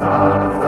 Amen.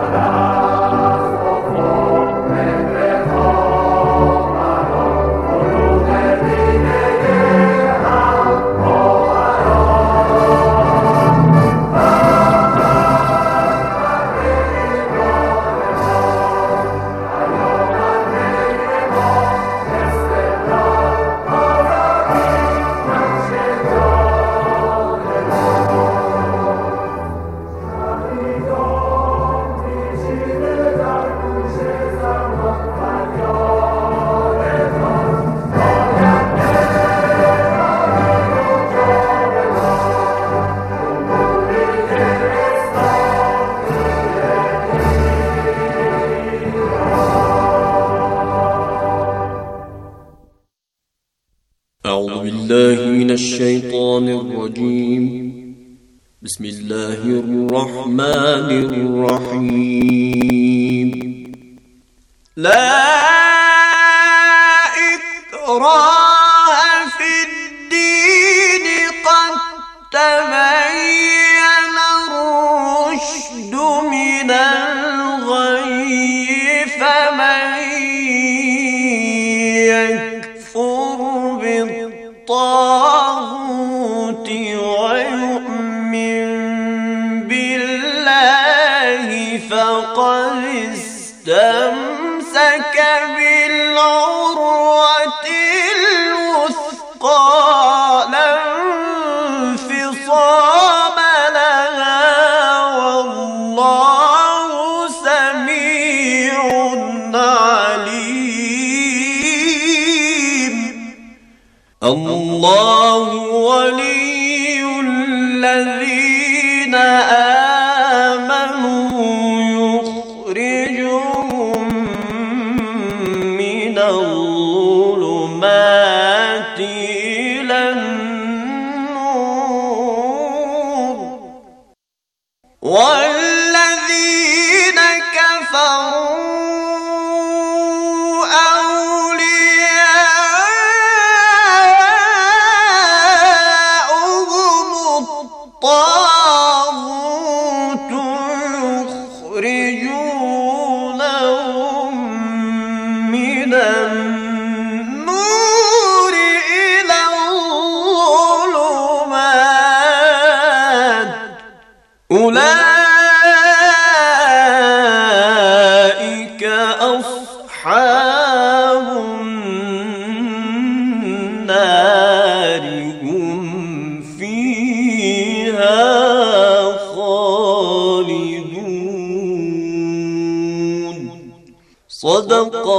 الله ولي الذي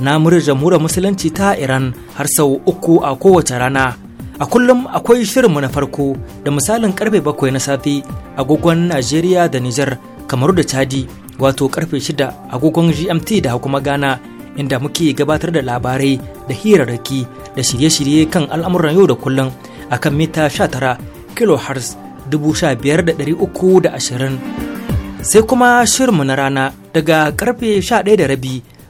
na murar jamhuriyar musulunci ta Iran har sau uku a kowace rana. A kullum akwai shirinmu na farko da misalin karfe bakwai na safe agogon Najeriya da Nijar kamaru da Chadi wato karfe shida agogon GMT da kuma Ghana inda muke gabatar da labarai da hirarraki da shirye-shirye kan al'amuran yau da kullum akan mita sha tara biyar da uku da ashirin, sai kuma shirinmu na rana daga karfe sha ɗaya da rabi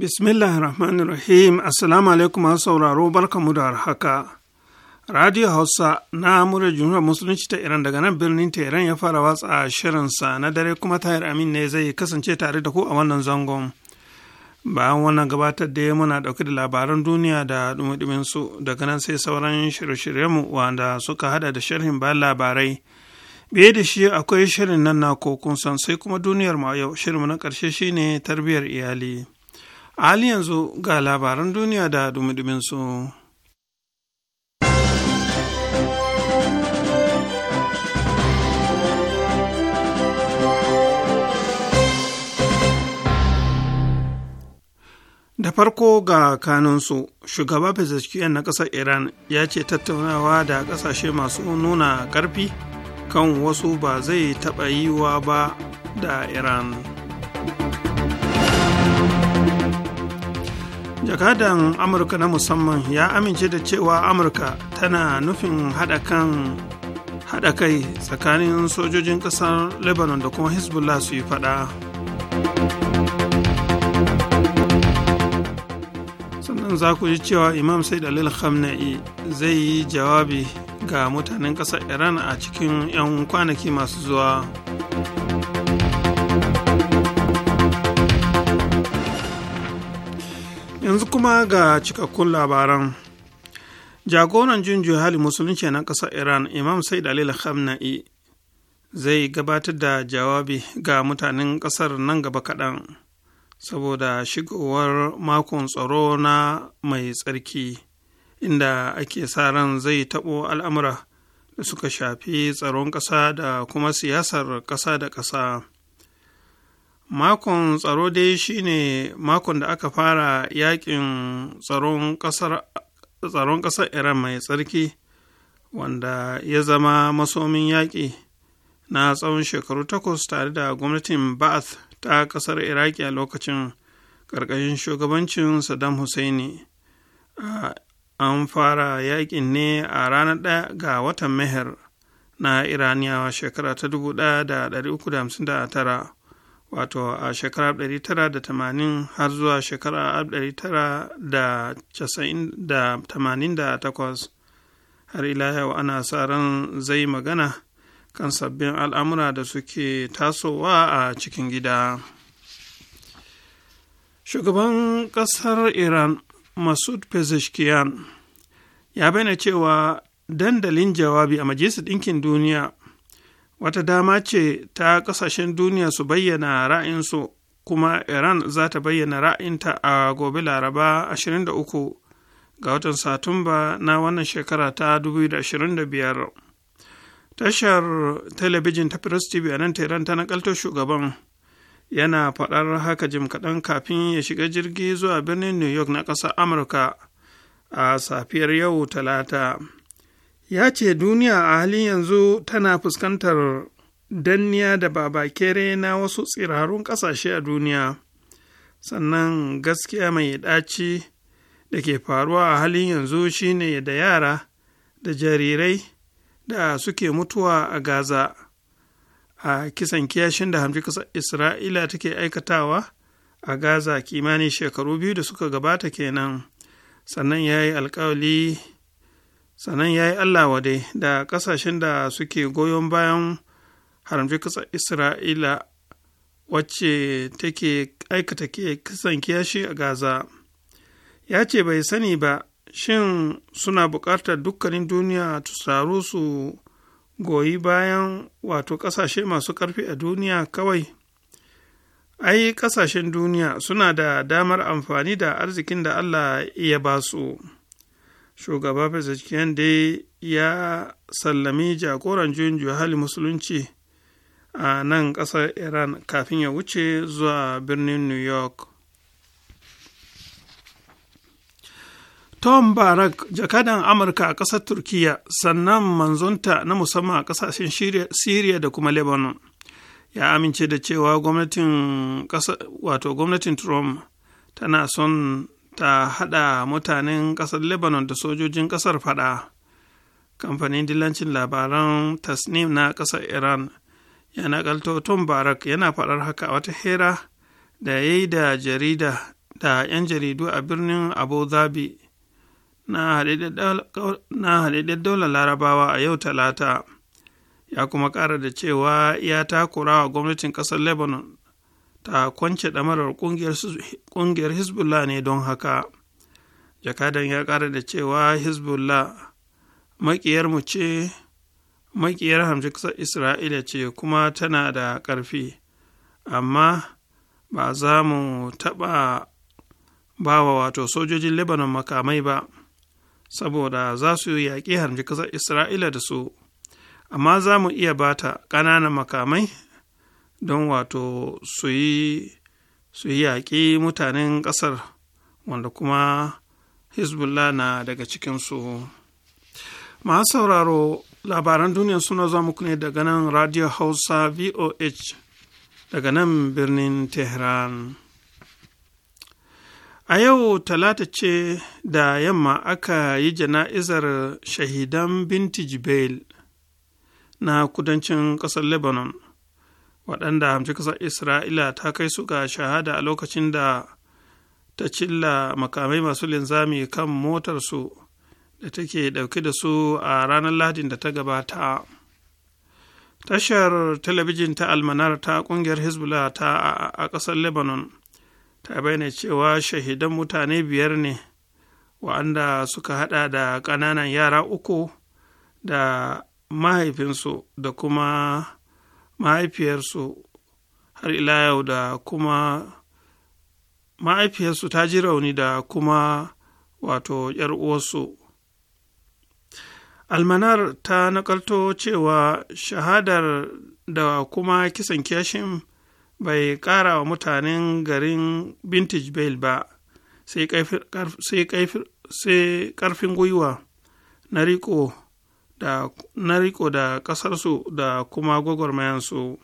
Bismillah rahman rahim Assalamu alaikum masu sauraro barkamu da haka. Radio Hausa na murar Jumhuriyar Musulunci ta Iran daga nan birnin ta iran ya fara watsa shirinsa na dare kuma Tahir Amin ne zai kasance tare da ku a wannan zangon. Bayan wannan gabatar da muna ɗauke da labaran duniya da dumudumin su daga nan sai sauran shirye-shiryenmu wanda suka hada da sharhin bayan labarai. Biye da shi akwai shirin nan na kokun sai kuma duniyar mu a yau shirinmu na ƙarshe shine tarbiyyar iyali. hali yanzu ga labaran duniya da dumi su. da farko ga kanunsu shugaba pezeshkian na ƙasar iran ya ce tattaunawa da ƙasashe masu nuna ƙarfi kan wasu ba zai taɓa yiwa ba da iran jakadan amurka na musamman ya amince da cewa amurka tana nufin haɗa kai tsakanin sojojin kasar lebanon da kuma hezbollah su yi faɗa sannan za ku ji cewa imam sai dalil khamnai zai yi jawabi ga mutanen ƙasar iran a cikin 'yan kwanaki masu zuwa yanzu kuma ga cikakkun labaran jagoran jin hali musulunci na ƙasar iran imam said alil khamna'i zai gabatar da jawabi ga mutanen ƙasar nan gaba kaɗan saboda shigowar makon tsaro na mai tsarki inda ake sa ran zai taɓo al'amura da suka shafi tsaron ƙasa da kuma siyasar ƙasa da ƙasa makon tsaro dai shine makon da aka fara yakin tsaron ƙasar iran mai tsarki wanda ya zama masomin yaƙi na tsawon shekaru takwas tare da gwamnatin ba'ath ta ƙasar iraki a lokacin ƙarƙashin shugabancin saddam husseini an fara yaƙin ne a ranar ɗaya ga watan meher na iraniyawa shekara ta 1359 wato a shekarar 1980 har zuwa shekarar 1988 har ila yau ana sa ran zai magana kan sabbin al'amura da suke tasowa a cikin gida shugaban ƙasar iran masud pezeshkian ya bayyana cewa dandalin jawabi a majalisar ɗinkin duniya wata dama ce ta ƙasashen duniya su bayyana ra'ayinsu kuma iran za ta bayyana ra'ayinta a gobe laraba 23 ga watan satumba na wannan shekara ta 2025 tashar talabijin ta press tv a nan tehran ta nakaltar shugaban yana faɗar haka jim kaɗan kafin ya shiga jirgi zuwa birnin new york na ƙasar amurka a safiyar yau talata ya ce duniya a halin yanzu tana fuskantar danniya da babakere na wasu tsirarun ƙasashe a duniya sannan gaskiya mai ɗaci da ke faruwa a halin yanzu shine da yara da jarirai da suke mutuwa a gaza a kisan kiyashin da hamji ƙasar isra'ila take aikatawa a gaza kimanin shekaru biyu da suka gabata kenan sannan ya yi alkawali sannan ya yi allah wade da ƙasashen da suke goyon bayan haramci ƙasar isra'ila wacce take aikata ke kisan kiyashi a gaza ya ce bai sani ba shin suna buƙatar dukkanin duniya tusaru su goyi bayan wato ƙasashe masu ƙarfi a duniya kawai ai ƙasashen duniya suna da damar amfani da arzikin da allah ya ba su shugaba Pezeshkian dai ya sallami jagoran juyin hali musulunci a nan ƙasar Iran kafin ya wuce zuwa birnin New York. Tom Barak, jakadan Amurka a ƙasar turkiya sannan manzonta na musamman a ƙasashen syria da kuma Lebanon, ya amince da cewa gwamnatin wato gwamnatin Trump tana son ta haɗa mutanen ƙasar lebanon da sojojin ƙasar faɗa kamfanin dilancin labaran tasnim na ƙasar iran ya naƙalto tom barak yana faɗar haka a wata hera da ya yi da jarida da 'yan jaridu a birnin abu dhabi na haɗaɗɗen daular larabawa a yau talata ya kuma ƙara da cewa ya takura wa gwamnatin ƙasar lebanon ta kwance ɗamarar ƙungiyar hezbollah ne don haka jakadan ya ƙara da cewa hezbollah maƙiyarmu ce maƙiyar hamshiksar isra'ila ce kuma tana da ƙarfi amma ba za mu taɓa ba wa wato sojojin lebanon makamai ba saboda za su yaƙi hamshiksar isra'ila da su amma za mu iya bata ƙananan makamai don wato su yi yaƙi mutanen ƙasar wanda kuma hezbollah na daga cikinsu masu sauraro labaran duniya suna zuwa muku ne daga nan radio hausa voh daga nan birnin tehran a yau talata ce da yamma aka yi jana'izar shahidan binti jibail na kudancin ƙasar lebanon waɗanda hamci ƙasar isra'ila ta kai su ga shahada a lokacin da ta cilla makamai masu linzami kan motarsu da take ɗauke da su a ranar lahadin da ta gabata tashar talabijin ta almanar ta ƙungiyar hezbollah ta a ƙasar lebanon ta bayyana cewa shahidan mutane biyar ne wa'anda suka haɗa da ƙananan yara uku da mahaifinsu da kuma mahaifiyarsu har ila yau da kuma mahaifiyarsu ta ji rauni da kuma wato ‘yar uwarsu. Almanar ta nakalto cewa shahadar da kuma kisan kyashin bai kara wa mutanen garin Vintage Bale ba, sai karfin gwiwa na riko da na riko da ƙasarsu da kuma gwagwarmayansu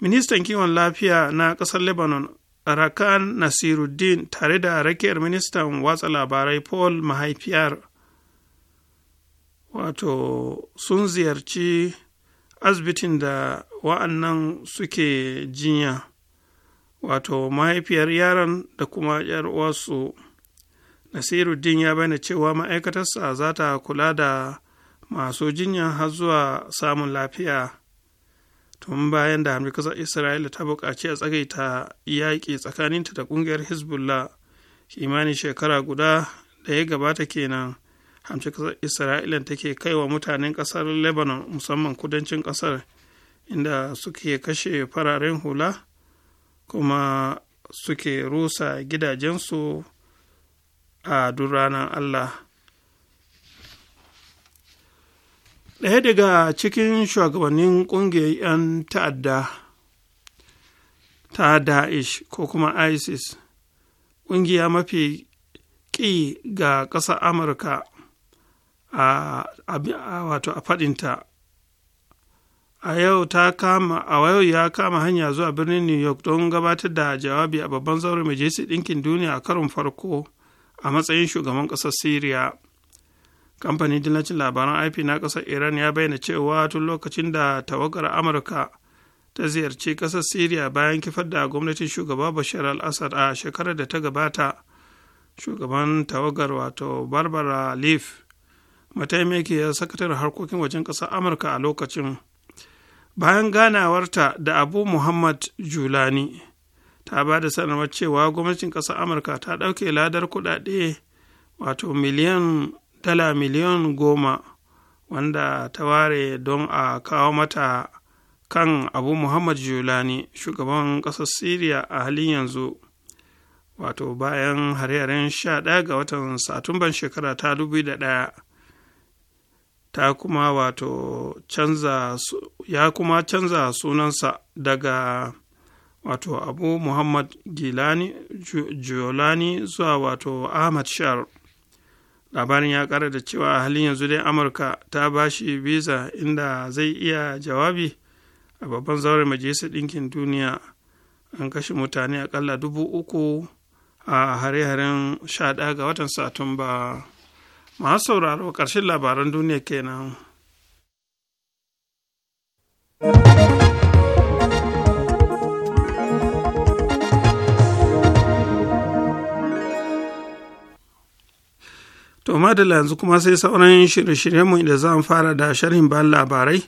ministan kiwon lafiya na ƙasar lebanon rakan nasiruddin tare da rakiyar ministan watsa labarai paul mahaifiyar wato sun ziyarci asibitin da wa'annan suke jinya wato mahaifiyar yaron da kuma yar uwarsu nasiruddin ya bayyana cewa ma'aikatarsa za ta kula da masu jinya har zuwa samun lafiya tun bayan da hamdi kasar isra'ila ta buƙaci a tsagaita yaƙi tsakaninta da ƙungiyar hezbollah kimanin shekara guda da ya gabata kenan hamci kasar isra'ila take kai wa mutanen ƙasar lebanon musamman kudancin ƙasar inda suke kashe fararen hula kuma suke rusa gidajensu a duk ranar allah ɗaya daga cikin shugabannin ƙungiyar 'yan ta'adda ta da'ish ko kuma isis ƙungiya mafi ƙi ga ƙasar amurka a wato a faɗinta a yau ta kama a wayo ya kama hanya zuwa birnin new york don gabatar da jawabi a babban zaurin majalisar ɗinkin duniya a karon farko a matsayin shugaban ƙasar syria kamfanin dillacin labaran ip na ƙasar iran ya bayyana cewa tun lokacin da tawagar amurka ta ziyarci ƙasar syria bayan kifar da gwamnatin shugaba bashar al-assad a shekarar da ta gabata shugaban tawagar wato barbara leaf mataimakiyar sakataren harkokin wajen ƙasar amurka a lokacin bayan ganawarta da abu muhammad julani ta ba da sanarwar cewa gwamnatin ƙasar amurka ta ɗauke ladar kuɗaɗe wato miliyan dala miliyan goma wanda ta ware don a kawo mata kan abu muhammad julani shugaban ƙasar syria a halin yanzu wato bayan hare-haren 11 ga watan satumban shekara ta 2001 ta kuma wato canza ya kuma canza sunansa daga wato abu muhammad gilani julani zuwa wato ahmad shar labarin ya kara da cewa a halin yanzu dai amurka ta ba shi visa inda zai iya jawabi a babban zauren majalisar ɗinkin duniya an kashe mutane akalla dubu uku a hare-haren sha ga watan satumba masu sauraro karshen labaran duniya kenan. To madalla yanzu kuma sai sauran shirye-shiryenmu inda za mu fara da sharhin bayan labarai,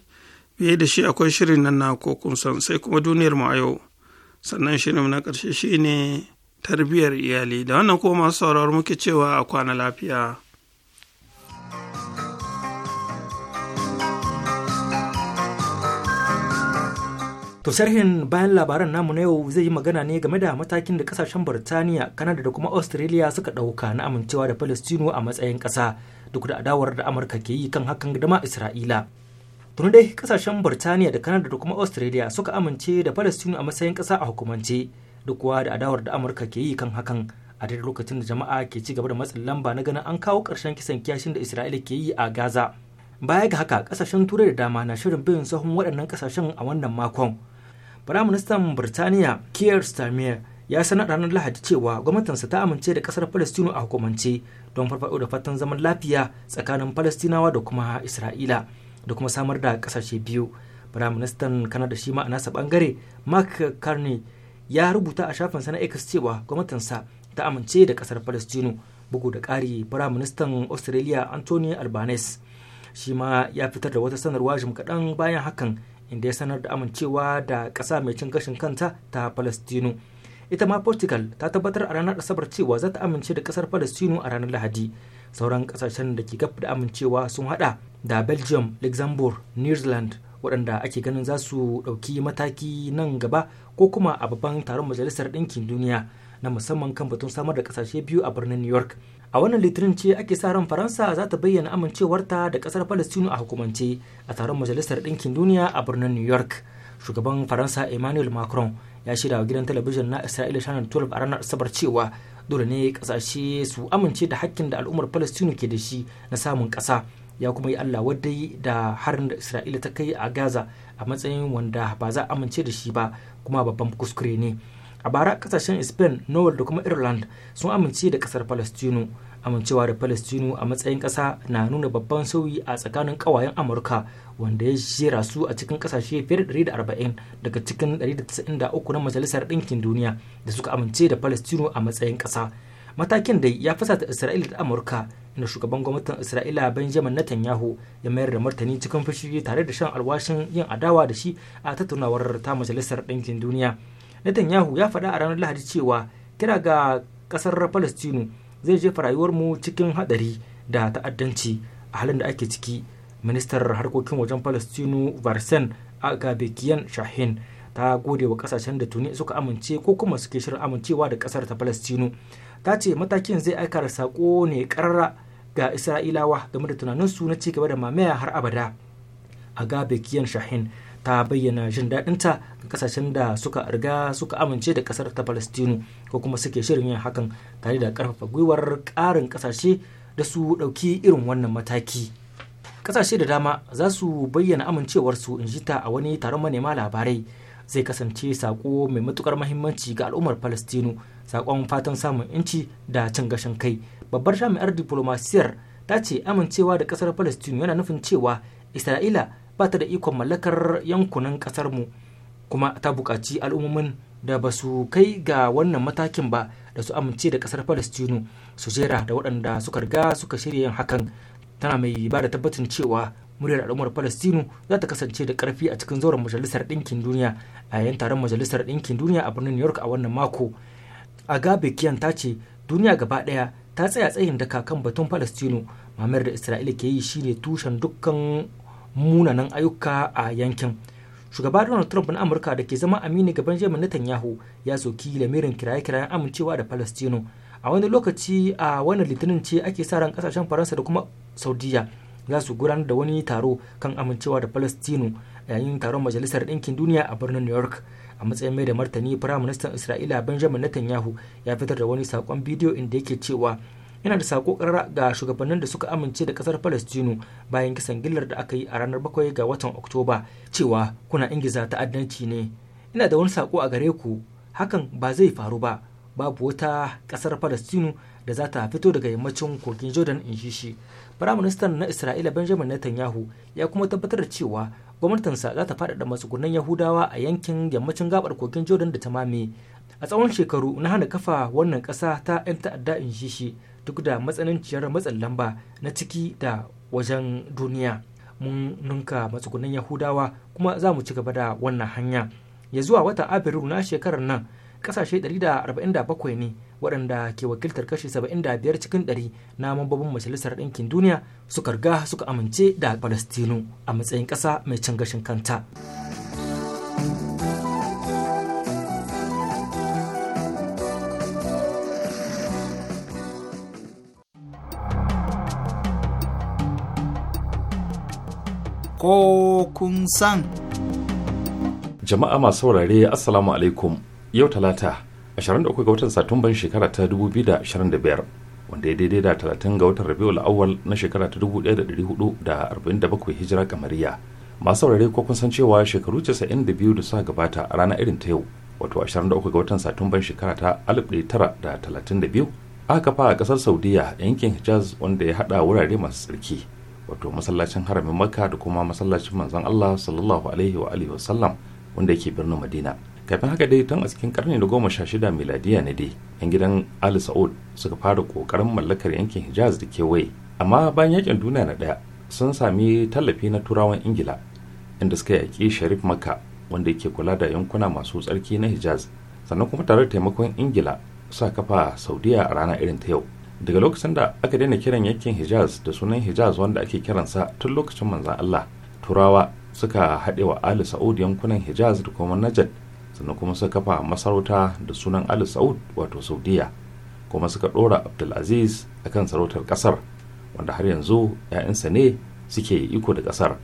biye da shi akwai shirin nan na kokun san sai kuma duniyar mu a yau. Sannan shirin na ƙarshe shine tarbiyyar iyali da wannan kuma masu sauraron muke cewa a kwana lafiya. To sarhin bayan labaran namu na yau zai yi magana ne game da matakin da kasashen burtaniya Kanada da kuma Australia suka ɗauka na amincewa da Falastinu a matsayin ƙasa duk da adawar da Amurka ke yi kan hakan da ma Isra'ila. Tuni dai kasashen burtaniya da Kanada da kuma Australia suka amince da Falastinu a matsayin ƙasa a hukumance duk wa da adawar da Amurka ke yi kan hakan a duk lokacin da jama'a ke ci gaba da matsin lamba na ganin an kawo ƙarshen kisan kiyashin da Isra'ila ke yi a Gaza. baya ga haka kasashen turai da dama na shirin bin sahun waɗannan kasashen a wannan makon Firaministan Birtaniya Keir Starmer ya sanar ranar Lahadi cewa gwamnatinsa ta amince da kasar Falastinu a hukumance don farfaɗo da fatan zaman lafiya tsakanin Falastinawa da kuma Isra'ila da kuma samar da kasashe biyu. Firaministan Kanada shi ma a nasa bangare Mark Carney ya rubuta a shafin na X cewa gwamnatinsa ta amince da kasar Falastinu bugu da ƙari Firaministan Australia Anthony Albanese shi ma ya fitar da wata sanarwa jim kaɗan bayan hakan inda ya sanar da amincewa da ƙasa mai cin gashin kanta ta palestino ita ma portugal ta tabbatar a ranar asabar cewa za ta amince da ƙasar palestino a ranar lahadi sauran ƙasashen da ke gab da amincewa sun hada da belgium luxembourg new zealand waɗanda ake ganin za su ɗauki mataki nan gaba ko kuma a babban taron majalisar ɗinkin duniya na musamman kan batun samar da ƙasashe biyu a birnin new york a wannan litinin ce ake sa ran faransa za ta bayyana amincewarta da kasar palestino a hukumance a taron majalisar ɗinkin duniya a birnin new york shugaban faransa emmanuel macron ya shirya wa gidan talabijin na isra'ila channel 12 a ranar asabar cewa dole ne kasashe su amince da hakkin da al'ummar palestino ke da shi na samun ƙasa ya kuma yi allah wadai da harin da isra'ila ta kai a gaza a matsayin wanda ba za a amince da shi ba kuma babban kuskure ne a bara kasashen spain norway da kuma ireland sun amince da kasar palestino amincewa da palestino a matsayin kasa na nuna babban sauyi a tsakanin kawayen amurka wanda ya jera su a cikin kasashe fiye da 140 daga cikin 193 na majalisar ɗinkin duniya da suka amince da palestino a matsayin kasa matakin dai ya fasa da isra'ila da amurka inda shugaban gwamnatin isra'ila benjamin netanyahu ya mayar da martani cikin fushi tare da shan alwashin yin adawa da shi a tattaunawar ta majalisar ɗinkin duniya netanyahu ya faɗa a ranar lahadi cewa kira ga ƙasar palestine zai jefa rayuwarmu cikin haɗari da ta'addanci a halin da ake ciki ministar harkokin wajen palestine varsen agabekiyan shahin ta gode wa kasashen da tuni suka amince ko kuma suke shirin amincewa da ƙasar ta palestinu ta ce matakin zai aika da sako ne karara ga isra'ilawa game da tunaninsu na cigaba da mamaya har abada agabekiyan shahin ta bayyana jin daɗinta kasashen da suka riga suka amince da kasar ta palestinu ko kuma suke shirin yin hakan tare da karfafa gwiwar karin kasashe da su dauki irin wannan mataki kasashe da dama za su bayyana amincewarsu in ta a wani taron manema labarai zai kasance sako mai matukar mahimmanci ga al'ummar palestinu sakon fatan samun inci da cin gashin kai babbar jami'ar diplomasiyar ta ce amincewa da kasar palestinu yana nufin cewa isra'ila ba ta da ikon mallakar yankunan kasar mu kuma ta bukaci al'ummomin da ba su kai ga wannan matakin ba da su amince da ƙasar palestino su jera da waɗanda suka riga suka shirya yin hakan tana mai ba da tabbacin cewa muryar al'ummar palestino za ta kasance da karfi a cikin zauren majalisar ɗinkin duniya a yayin taron majalisar ɗinkin duniya a birnin new york a wannan mako agabe kiyan ta ce duniya gaba ɗaya ta tsaya tsayin daka kan batun palestino mamayar da isra'ila ke yi shine tushen dukkan munanan ayyuka a yankin shugaba donald trump na amurka da ke zama amini ga benjamin netanyahu ya soki lamirin kiraye-kirayen amincewa da palestino a wani lokaci a wannan litinin ce ake sa ran kasashen faransa da kuma saudiya za su gudanar da wani taro kan amincewa da palestino yayin taron majalisar ɗinkin duniya a birnin new york a matsayin mai da martani firaministan isra'ila benjamin netanyahu ya fitar da wani saƙon bidiyo inda yake cewa yana da sako karara ga shugabannin da suka amince da kasar palestino bayan kisan gillar da aka yi a ranar bakwai ga watan oktoba cewa kuna ingiza ta'addanci ne ina da wani sako a gare ku hakan ba zai faru ba babu wata kasar palestino da za ta fito daga yammacin kogin jordan in shi shi firaministan na isra'ila benjamin netanyahu ya kuma tabbatar da cewa gwamnatinsa za ta faɗaɗa matsugunan yahudawa a yankin yammacin gabar kogin jordan da ta mame a tsawon shekaru na hana kafa wannan ƙasa ta 'yan ta'adda in shi shi duk da matsananciyar matsin lamba na ciki da wajen duniya mun ninka matsugunan yahudawa kuma za mu ci gaba da wannan hanya ya zuwa wata abiru na shekarar nan kasashe 147 ne waɗanda ke wakiltar kashi 75 cikin 100 na mambobin majalisar ɗinkin duniya suka riga suka amince da palestino a matsayin ƙasa mai cin gashin kanta. ko kun san. Jama'a masu saurare Assalamu alaikum yau talata 23 ga watan Satumban shekara ta 2025 wanda ya daidai da 30 ga watan Rabiul Awwal na shekara ta 1447 Hijira kamariya. Masu saurare ko kun san cewa shekaru 92 da suka gabata a ranar irin ta yau wato 23 ga watan Satumban shekara ta 1932 aka kafa a kasar Saudiya yankin Hijaz wanda ya hada wurare masu tsarki. wato masallacin haramin makka da kuma masallacin manzon allah sallallahu alaihi wa alihi wasallam wanda yake birnin madina kafin haka dai tun a cikin karni na goma sha shida miladiya ne dai yan gidan ali sa'ud suka fara kokarin mallakar yankin hijaz da kewaye amma bayan yakin duniya na daya sun sami tallafi na turawan ingila inda suka yaƙi sharif makka wanda yake kula da yankuna masu tsarki na hijaz sannan kuma tare da taimakon ingila suka kafa saudiya a rana irin ta yau daga lokacin da aka daina kiran yankin hijaz da sunan hijaz wanda ake kiransa tun lokacin manzan allah turawa suka haɗe wa ali sa'ud yankunan hijaz da kuma najad sannan kuma suka kafa masarauta da sunan ali sa'ud wato saudiya kuma suka ɗora abdulaziz a kan sarautar ƙasar wanda har yanzu 'ya'yansa ne suke iko da ƙasar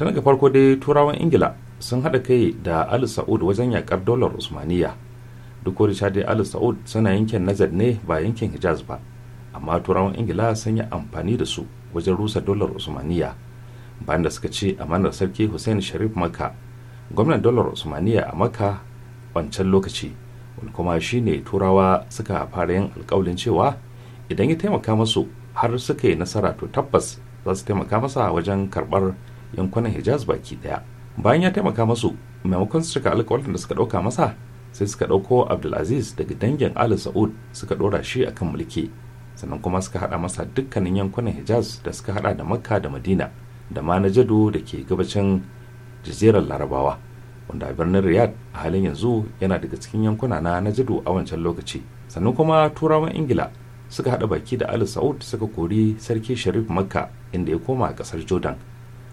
ta daga farko dai turawan ingila sun haɗa kai da ali sa'ud wajen yaƙar dolar usmaniya duk wani dai ali sa'ud suna yankin najad ne ba yankin hijaz ba amma turawan ingila sun yi amfani da su wajen rusa dolar usmaniya bayan da suka ce amanar sarki hussein sharif makka gwamnan dolar usmaniya a makka wancan lokaci wani kuma ne turawa suka fara yin alkawalin cewa idan ya taimaka masu har suka yi nasara to tabbas za su taimaka masa wajen karbar yankunan hijaz baki daya bayan ya taimaka masu maimakon su cika alkawalin da suka dauka masa sai suka dauko abdulaziz daga dangin ali sa'ud suka dora shi akan mulki sannan kuma suka hada masa dukkanin yankunan hijaz da suka hada da makka da madina da ma na najado da ke gabacin jazirar larabawa wanda a birnin riyad a halin yanzu yana daga cikin yankuna na najado a wancan lokaci sannan kuma turawan ingila suka hada baki da ali saud suka kori sarki sharif makka inda ya koma kasar jordan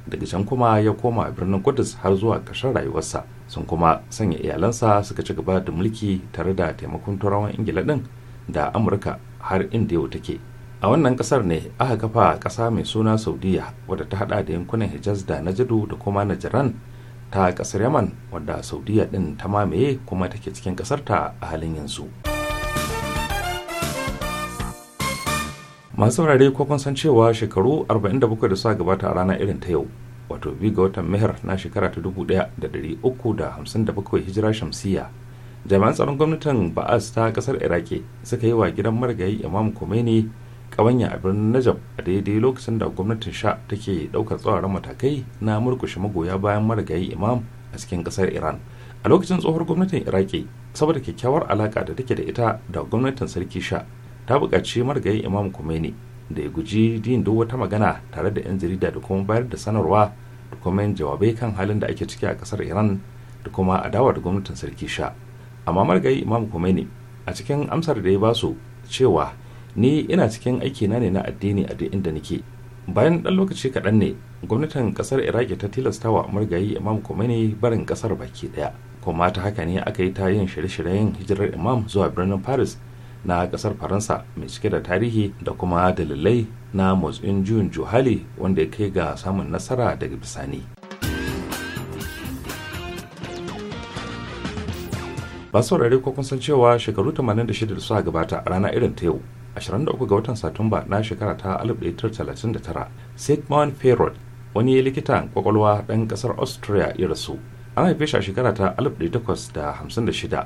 daga can kuma ya koma birnin Kudus har zuwa ƙarshen rayuwarsa sun kuma sanya iyalansa suka ci gaba da mulki tare da taimakon turawan ingila din da amurka har inda yau take a wannan kasar ne aka kafa kasa mai suna saudiya wadda ta hada da yankunan hijaz da najadu da kuma najiran ta kasar yaman wadda saudiya din ta mamaye kuma take cikin kasar ta a halin yanzu masu saurare ko kun san cewa shekaru 47 da suka gabata a rana irin ta yau wato biyu ga watan mihar na shekara ta 1357 hijira shamsiyya jami'an tsaron gwamnatin ba'as ta kasar iraki suka yi wa gidan marigayi imam khomeini kawanya a birnin najab a daidai lokacin da gwamnatin sha take daukar tsawaran matakai na murkushe magoya bayan marigayi imam a cikin kasar iran a lokacin tsohuwar gwamnatin iraki saboda kyakkyawar alaka da take da ita da gwamnatin sarki sha ta buƙaci marigayi imam khomeini da ya guji din duk wata magana tare da 'yan jarida da kuma bayar da sanarwa da kuma yin jawabai kan halin da ake ciki a kasar iran da kuma adawa da gwamnatin sarki sha amma margayi imam ne a cikin amsar da ya ba su cewa ni ina cikin aiki na ne na addini a duk inda nake bayan ɗan lokaci kaɗan ne gwamnatin ƙasar iraki ta tilasta wa margayi imam khomeini barin kasar baki ɗaya kuma ta haka ne aka yi ta yin shirye-shiryen hijirar imam zuwa birnin paris na ƙasar faransa mai cike da tarihi da kuma dalilai na motsin juyin juhali wanda ya kai ga samun nasara daga bisani masu saurare ko kun san cewa shekaru 86 da suka gabata a rana irin ta yau 23 ga watan satumba na shekara ta 1939 sigmund freud wani ya likitan kwakwalwa ɗan ƙasar austria ya rasu an haife shi a shekara ta 1856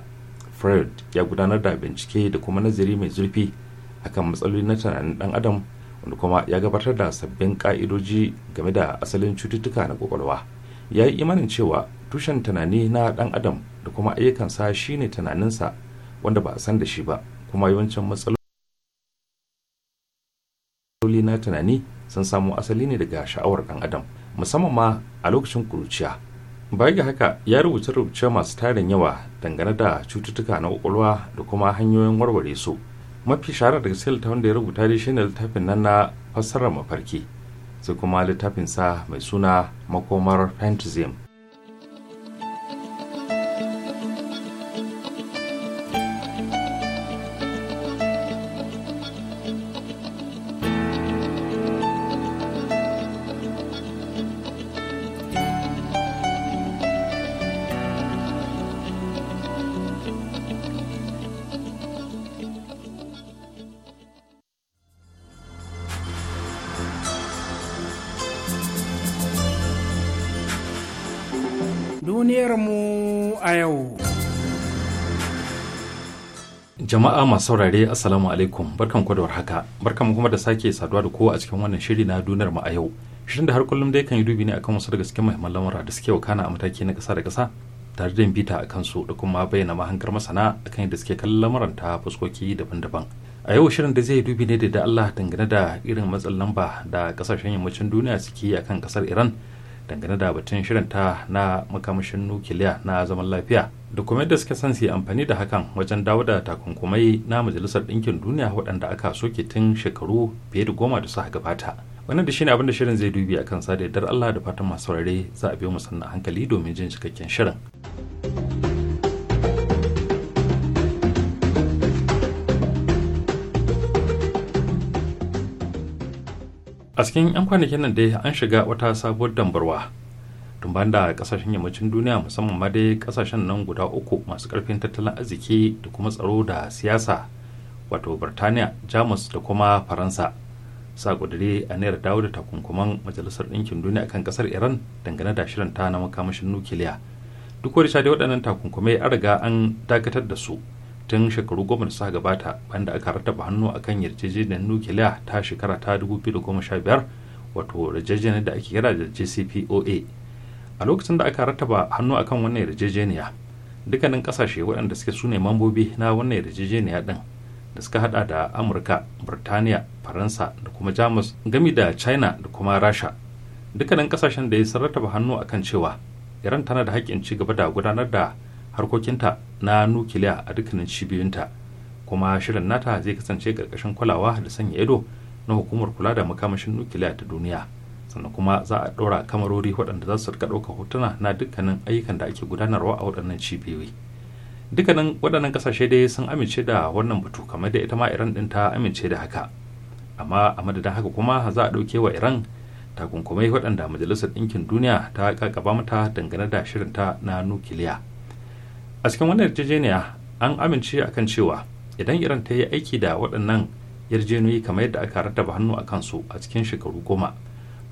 freud ya gudanar da bincike da kuma nazari mai zurfi akan matsaloli na tunanin ɗan adam wanda kuma ya gabatar da sabbin ka'idoji game da asalin cututtuka na kwakwalwa ya yi imanin cewa tushen tunani na ɗan adam da kuma ayyukansa shine tunaninsa wanda ba a san da shi ba kuma yawancin matsaloli na tunani sun samo asali ne daga sha'awar ɗan adam musamman ma a lokacin kuruciya bayan ga haka ya rubuce rubuce masu tarin yawa dangane da cututtuka na kwakwalwa da kuma hanyoyin warware su mafi shahara daga sai littafin da ya rubuta dai shine littafin nan na fassarar mafarki sai kuma littafinsa mai suna makomar fantasy Jama'a masu saurare Assalamu alaikum barkan ku da warhaka barkan kuma da sake saduwa da kowa a cikin wannan shiri na dunar mu a yau shirin da har kullum dai kan yi dubi ne akan wasu daga cikin muhimman lamura da suke wakana a mataki na kasa da kasa tare da bita a kansu da kuma bayyana mahangar masana akan yadda suke kallon lamuran ta fuskoki daban-daban a yau shirin da zai dubi ne da Allah dangane da irin matsalan lamba da kasashen yammacin duniya suke yi akan kasar Iran dangane da batun shirin ta na makamashin nukiliya na zaman lafiya da kuma yadda suka san su yi amfani da hakan wajen dawo da takunkumai na majalisar ɗinkin duniya waɗanda aka soke tun shekaru fiye da goma da suka gabata wannan da shine abin da shirin zai dubi akan sa da yardar Allah da fatan masu saurare za a biyo mu sannan hankali domin jin cikakken shirin a cikin 'yan kwanakin nan dai an shiga wata sabuwar dambarwa tun banda kasashen yammacin duniya musamman ma dai kasashen nan guda uku masu karfin tattalin arziki da kuma tsaro da siyasa wato birtaniya jamus da kuma faransa sa kudure a naira dawo da takunkuman majalisar ɗinkin duniya kan kasar iran dangane da shirin ta na makamashin nukiliya duk wani dai waɗannan takunkumai an riga an dakatar da su tun shekaru goma da suka gabata banda aka rattaba hannu akan yarjejeniyar nukiliya ta shekara ta 2015 wato yarjejeniyar da ake kira da jcpoa a lokacin da aka rattaba hannu akan wannan yarjejeniya dukkanin kasashe waɗanda suke sune mambobi na wannan yarjejeniya din da suka hada da amurka burtaniya faransa da kuma jamus gami da china da kuma rasha dukkanin kasashen da ya sun rattaba hannu akan cewa iran tana da haƙƙin ci gaba da gudanar da harkokinta na nukiliya a dukkanin cibiyunta kuma shirin nata zai kasance ƙarƙashin kulawa da sanya ido na hukumar kula da makamashin nukiliya ta duniya sannan kuma za a ɗora kamarori waɗanda za su rika ɗaukar hotuna na dukkanin ayyukan da ake gudanarwa a waɗannan cibiyoyi dukkanin waɗannan ƙasashe dai sun amince da wannan batu kamar da ita ma iran ɗin ta amince da haka amma a madadin haka kuma za a ɗauke wa iran takunkumai waɗanda majalisar ɗinkin duniya ta kakaba mata dangane da shirinta na nukiliya a cikin wannan yarjejeniya an amince a kan cewa idan iran ta yi aiki da waɗannan yarjejeniyoyi kamar yadda aka rattaba hannu a kansu a cikin shekaru goma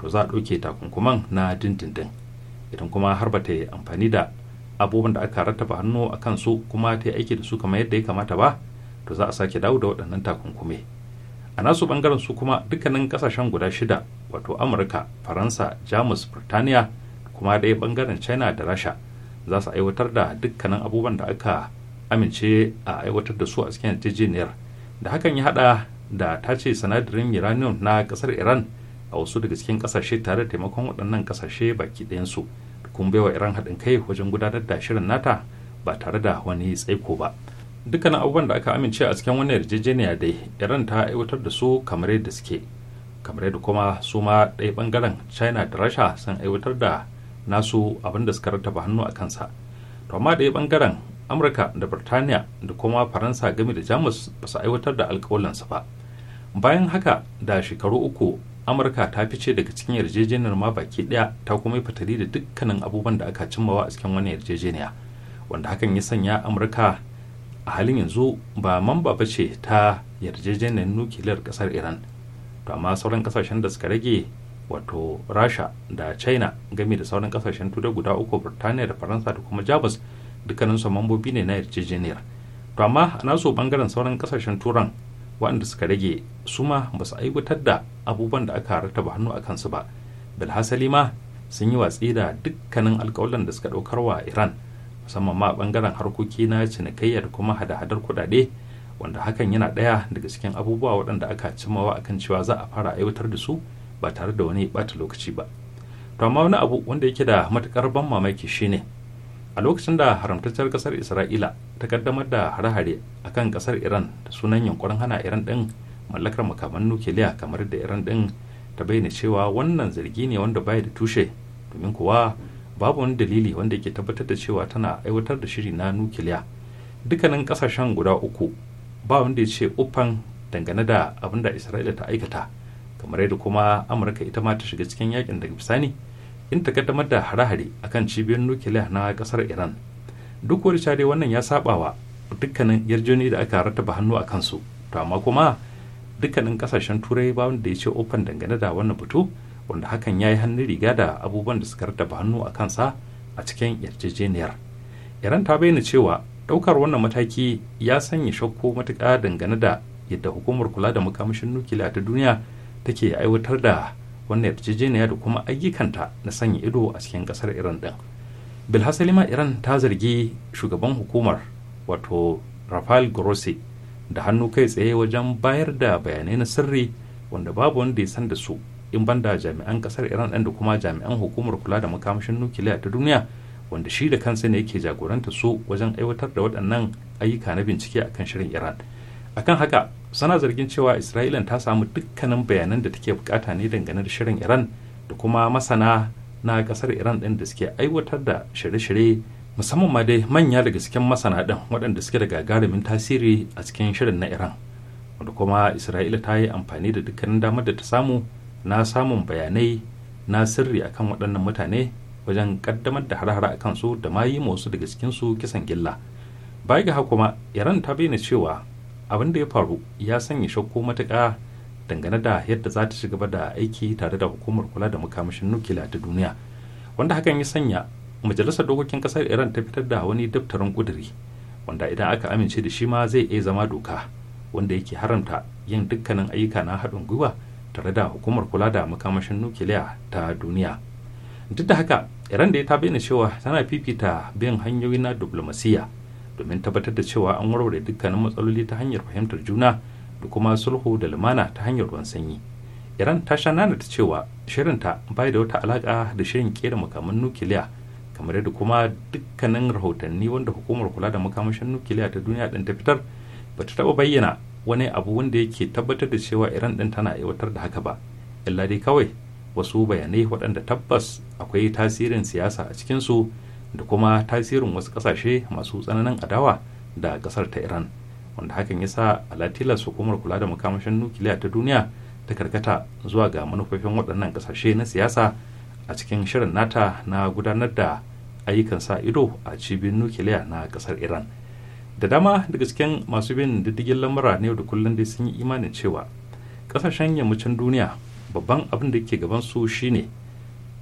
to za a ɗauke takunkuman na dindindin idan kuma har ba ta yi amfani da abubuwan da aka rattaba hannu a kan su kuma ta yi aiki da su kamar yadda ya kamata ba to za a sake dawo da waɗannan takunkume a nasu ɓangaren su kuma dukkanin ƙasashen guda shida wato amurka faransa jamus birtaniya kuma ɗaya ɓangaren china da rasha za su aiwatar da dukkanin abubuwan da aka amince a aiwatar da su a cikin yarjejeniyar da hakan ya haɗa da ta ce sanadarin uranium na ƙasar iran a wasu daga cikin kasashe tare da taimakon waɗannan kasashe baki ɗayansu da kuma baiwa iran haɗin kai wajen gudanar da shirin nata ba tare da wani tsaiko ba dukkanin abubuwan da aka amince a cikin wannan yarjejeniya dai iran ta aiwatar da su kamar yadda suke kamar yadda kuma su ma ɗaya ɓangaren china da rasha sun aiwatar da nasu abin da suka rattaba hannu a kansa to amma ɗaya ɓangaren amurka da birtaniya da kuma faransa game da jamus ba su aiwatar da alkawalinsu ba bayan haka da shekaru uku amurka ta fice daga cikin yarjejeniyar ma baki daya ta kuma yi fatali da dukkanin abubuwan da aka cimmawa a cikin wannan yarjejeniya wanda hakan ya sanya amurka a halin yanzu ba mamba ba ce ta yarjejeniyar nukiliyar kasar iran to amma sauran kasashen da suka rage wato rasha da china game da sauran kasashen turai guda uku birtaniya da faransa da kuma jabus dukkaninsu mambobi ne na yarjejeniyar to amma a naso bangaren sauran kasashen turan waɗanda suka rage su ma ba su aiwatar da abubuwan da aka rataba hannu a kansu ba bilhassali ma sun yi watsi da dukkanin alkawalan da suka ɗaukar wa iran musamman ma ɓangaren harkoki na cinikayya da kuma hada-hadar kuɗaɗe wanda hakan yana ɗaya daga cikin abubuwa waɗanda aka cimmawa akan cewa za a fara aiwatar da su ba tare da wani ɓata lokaci ba to amma wani abu wanda yake da matuƙar ban mamaki shine a lokacin da haramtacciyar kasar isra'ila ta kaddamar da hare-hare a kan kasar iran da sunan yunkurin hana iran din mallakar makaman nukiliya kamar da iran din ta bayyana cewa wannan zargi ne wanda baya da tushe domin kuwa babu wani dalili wanda ke tabbatar da cewa tana aiwatar da shiri na nukiliya dukkanin kasashen guda uku ba wanda ya ce uffan dangane da abin da isra'ila ta aikata kamar yadda kuma amurka ita ma ta shiga cikin yakin daga bisani in ta kaddamar da hare-hare kan cibiyar nukiliya na kasar iran duk wani share wannan ya sabawa dukkanin yarjoni da aka rattaba hannu a kansu to amma kuma dukkanin kasashen turai ba wanda ya ce ofan dangane da wannan batu wanda hakan ya yi hannun riga da abubuwan da suka rattaba hannu a kansa a cikin yarjejeniyar iran ta bayyana cewa daukar wannan mataki ya sanya shakku matuƙa dangane da yadda hukumar kula da makamashin nukiliya ta duniya take aiwatar da wannan yarjejeniya da kuma ayyukanta na sanya ido a cikin kasar iran din bilhassali iran ta zargi shugaban hukumar wato rafael grossi da hannu kai tsaye wajen bayar da bayanai na sirri wanda babu wanda ya san da su in banda jami'an kasar iran din da kuma jami'an hukumar kula da makamashin nukiliya ta duniya wanda shi da kansa ne yake jagoranta su wajen aiwatar da waɗannan ayyuka na bincike akan shirin iran akan haka sana zargin cewa isra'ilan ta samu dukkanin bayanan da take bukata ne dangane da shirin iran da kuma masana na kasar iran din da suke aiwatar da shirye-shirye musamman ma dai manya daga cikin masana din waɗanda suke da gagarumin tasiri a cikin shirin na iran wanda kuma isra'ila ta yi amfani da dukkanin damar da ta samu na samun bayanai na sirri akan waɗannan mutane wajen kaddamar da har-hara akan su da ma yi wasu daga cikin su kisan gilla baya ga kuma iran ta bayyana cewa abin da ya faru ya sanya shakku matuƙa dangane da yadda za ta ci gaba da aiki tare da hukumar kula da makamashin nukiliya ta duniya wanda hakan ya sanya majalisar dokokin kasar iran ta fitar da wani daftarin kuduri wanda idan aka amince da shi ma zai iya zama doka wanda yake haramta yin dukkanin ayyuka na haɗin gwiwa tare da hukumar kula da makamashin nukiliya ta duniya duk da haka iran da ya ta bayyana cewa tana fifita bin hanyoyi na diplomasiya domin tabbatar da cewa an warware dukkanin matsaloli ta hanyar fahimtar juna da kuma sulhu da lumana ta hanyar ruwan sanyi iran ta sha nana ta cewa shirinta bai da wata alaka da shirin kera makaman nukiliya kamar yadda kuma dukkanin rahotanni wanda hukumar kula da makamashin nukiliya ta duniya din ta fitar ba ta taba bayyana wani abu wanda yake tabbatar da cewa iran din tana aiwatar da haka ba illa dai kawai wasu bayanai waɗanda tabbas akwai tasirin siyasa a cikinsu da kuma tasirin wasu kasashe masu tsananin adawa da kasar ta iran wanda hakan ya sa alatilas hukumar kula da makamashin nukiliya ta duniya ta karkata zuwa ga manufofin waɗannan kasashe na siyasa a cikin shirin nata na gudanar da ayyukan sa ido a cibin nukiliya na kasar iran da dama daga cikin masu bin diddigin lamura ne da kullum dai sun yi imanin cewa kasashen yammacin duniya babban abin da ke gaban su shine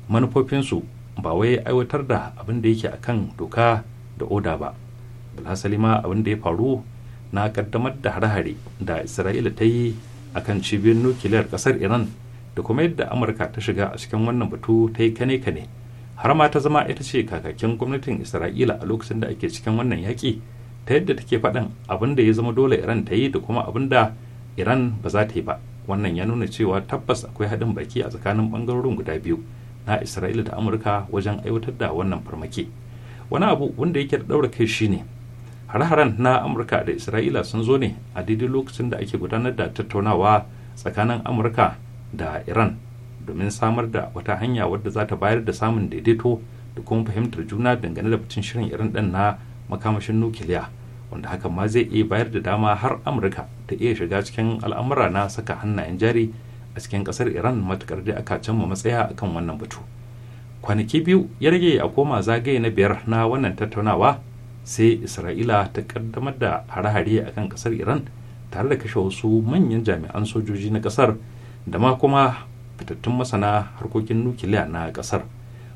manufofinsu ba wai aiwatar da abin da yake akan doka da oda ba alhasali ma abin da ya faru na kaddamar da hare-hare da isra'ila ta yi a kan cibiyar nukiliyar kasar iran da kuma yadda amurka ta shiga a cikin wannan batu ta yi kane-kane har ma ta zama ita ce kakakin gwamnatin isra'ila a lokacin da ake cikin wannan yaƙi ta yadda take faɗin abin da ya zama dole iran ta yi da kuma abin da iran ba za ta yi ba wannan ya nuna cewa tabbas akwai haɗin baki a tsakanin ɓangarorin guda biyu na isra'ila da amurka wajen aiwatar da wannan farmaki wani abu wanda yake da daura kai shine har-haren na amurka da isra'ila sun zo ne a daidai lokacin da ake gudanar da tattaunawa tsakanin amurka da iran domin samar da wata hanya wadda za ta bayar da samun daidaito da kuma fahimtar juna dangane da batun shirin iran ɗin na makamashin nukiliya wanda hakan ma zai iya bayar da dama har amurka ta iya shiga cikin al'amura na saka hannayen jari a cikin kasar iran matukar da aka cimma matsaya akan wannan batu kwanaki biyu ya rage a koma zagaye na biyar na wannan tattaunawa sai isra'ila ta kaddamar da hare-hare akan kasar iran tare da kashe wasu manyan jami'an sojoji na kasar da ma kuma fitattun masana harkokin nukiliya na kasar